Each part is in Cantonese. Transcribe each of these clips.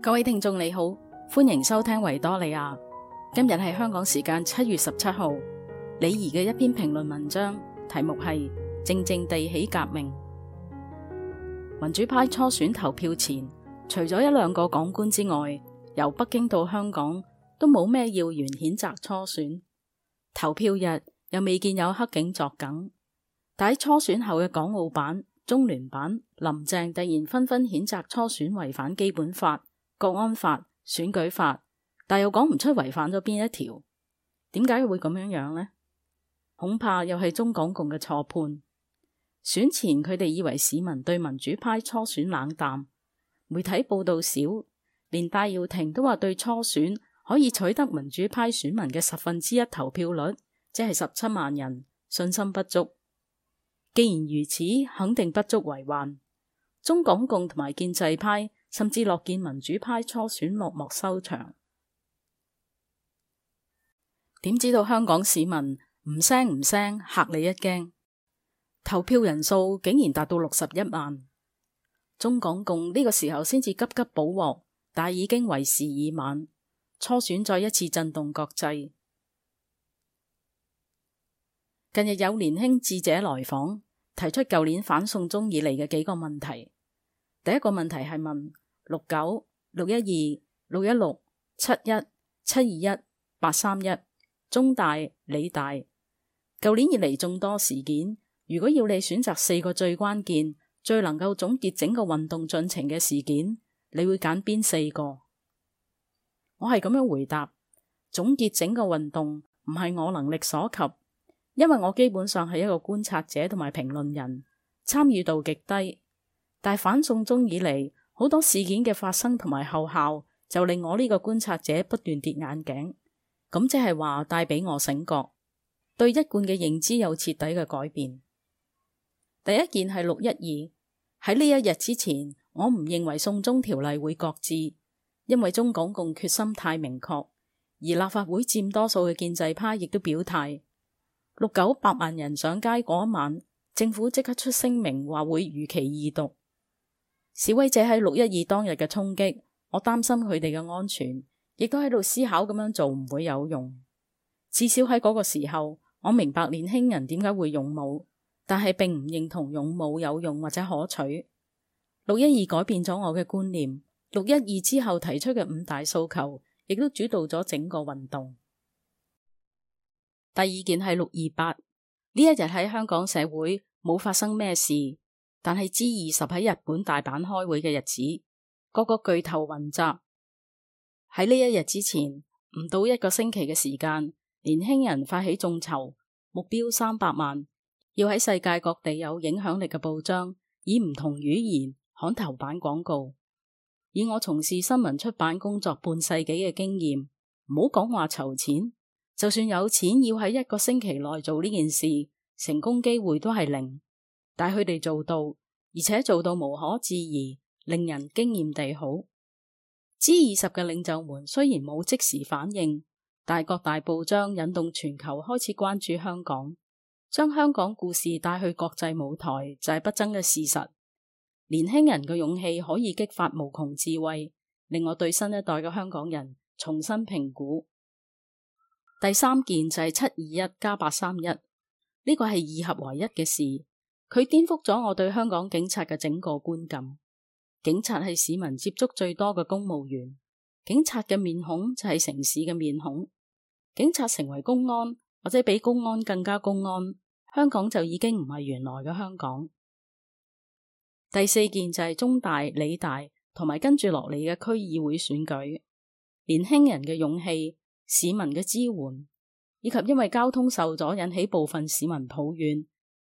各位聽眾你好，歡迎收聽維多利亞。今日係香港時間七月十七號，李怡嘅一篇評論文章，題目係靜靜地起革命。民主派初選投票前，除咗一兩個港官之外，由北京到香港都冇咩要員譴責初選投票日。又未見有黑警作梗，但喺初選後嘅港澳辦、中聯辦、林鄭突然紛紛譴責初選違反基本法、國安法、選舉法，但又講唔出違反咗邊一條？點解會咁樣樣咧？恐怕又係中港共嘅錯判。選前佢哋以為市民對民主派初選冷淡，媒體報道少，連戴耀廷都話對初選可以取得民主派選民嘅十分之一投票率。即係十七萬人信心不足，既然如此，肯定不足為患。中港共同埋建制派甚至樂見民主派初選落幕收場，點知道香港市民唔聲唔聲吓你一驚，投票人數竟然達到六十一萬。中港共呢個時候先至急急補鑊，但已經為時已晚。初選再一次震動國際。近日有年輕智者來訪，提出舊年反送中以嚟嘅幾個問題。第一個問題係問六九、六一二、六一六、七一、七二一、八三一、中大、理大，舊年以嚟眾多事件，如果要你選擇四個最關鍵、最能夠總結整個運動進程嘅事件，你會揀邊四個？我係咁樣回答：總結整個運動唔係我能力所及。因為我基本上係一個觀察者同埋評論人，參與度極低。但反送中以嚟，好多事件嘅發生同埋後效，就令我呢個觀察者不斷跌眼鏡。咁即係話帶俾我醒覺，對一貫嘅認知有徹底嘅改變。第一件係六一二，喺呢一日之前，我唔認為送中條例會擱置，因為中港共決心太明確，而立法會佔多數嘅建制派亦都表態。六九百萬人上街嗰晚，政府即刻出聲明話會如期二讀。示威者喺六一二當日嘅衝擊，我擔心佢哋嘅安全，亦都喺度思考咁樣做唔會有用。至少喺嗰個時候，我明白年輕人點解會勇武，但係並唔認同勇武有用或者可取。六一二改變咗我嘅觀念。六一二之後提出嘅五大訴求，亦都主導咗整個運動。第二件係六二八呢一日，喺香港社會冇發生咩事，但係 G 二十喺日本大阪開會嘅日子，各個巨頭雲集。喺呢一日之前唔到一個星期嘅時間，年輕人發起眾籌，目標三百萬，要喺世界各地有影響力嘅報章以唔同語言刊頭版廣告。以我從事新聞出版工作半世紀嘅經驗，唔好講話籌錢。就算有錢，要喺一個星期內做呢件事，成功機會都係零。但佢哋做到，而且做到無可置疑，令人驚艷地好。G20 嘅領袖們雖然冇即時反應，但各大報章引動全球開始關注香港，將香港故事帶去國際舞台，就係、是、不爭嘅事實。年輕人嘅勇氣可以激發無窮智慧，令我對新一代嘅香港人重新評估。第三件就係七二一加八三一，呢個係二合為一嘅事，佢顛覆咗我對香港警察嘅整個觀感。警察係市民接觸最多嘅公務員，警察嘅面孔就係城市嘅面孔。警察成為公安，或者比公安更加公安，香港就已經唔係原來嘅香港。第四件就係中大、理大，同埋跟住落嚟嘅區議會選舉，年輕人嘅勇氣。市民嘅支援，以及因為交通受阻引起部分市民抱怨，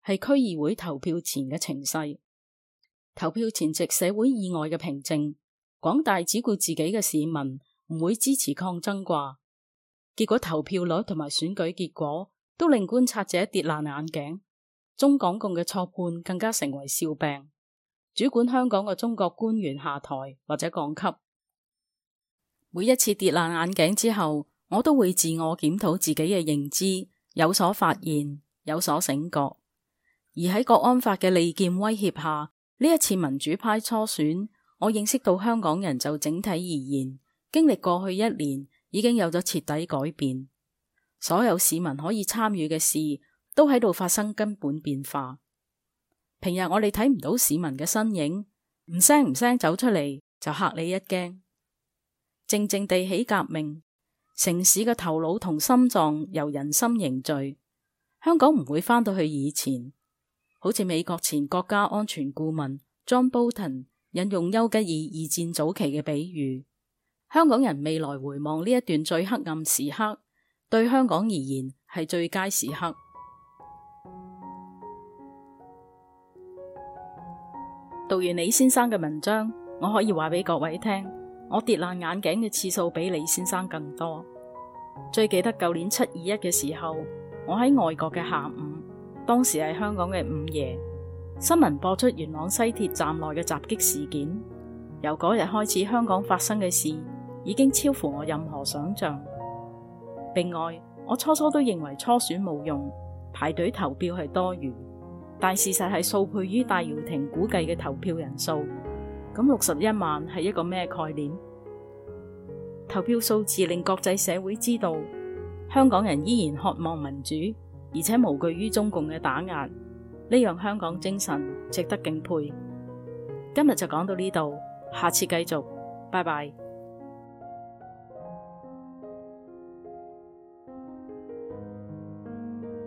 係區議會投票前嘅情勢。投票前夕社會意外嘅平靜，廣大只顧自己嘅市民唔會支持抗爭啩。結果投票率同埋選舉結果都令觀察者跌爛眼鏡。中港共嘅錯判更加成為笑柄，主管香港嘅中國官員下台或者降級，每一次跌爛眼鏡之後。我都會自我檢討自己嘅認知，有所發現，有所醒覺。而喺國安法嘅利劍威脅下，呢一次民主派初選，我認識到香港人就整體而言，經歷過去一年，已經有咗徹底改變。所有市民可以參與嘅事，都喺度發生根本變化。平日我哋睇唔到市民嘅身影，唔聲唔聲走出嚟，就吓你一驚，靜靜地起革命。城市嘅頭腦同心臟由人心凝聚，香港唔會翻到去以前。好似美國前國家安全顧問 John Bolton 引用丘吉爾二戰早期嘅比喻，香港人未來回望呢一段最黑暗時刻，對香港而言係最佳時刻。讀完李先生嘅文章，我可以話俾各位聽。我跌爛眼鏡嘅次數比李先生更多。最記得舊年七二一嘅時候，我喺外國嘅下午，當時係香港嘅午夜，新聞播出元朗西鐵站內嘅襲擊事件。由嗰日開始，香港發生嘅事已經超乎我任何想象。另外，我初初都認為初選冇用，排隊投票係多餘，但事實係數倍於戴耀廷估計嘅投票人數。咁，六十一萬係一個咩概念？投票數字令國際社會知道，香港人依然渴望民主，而且無懼於中共嘅打壓。呢樣香港精神值得敬佩。今日就講到呢度，下次繼續，拜拜。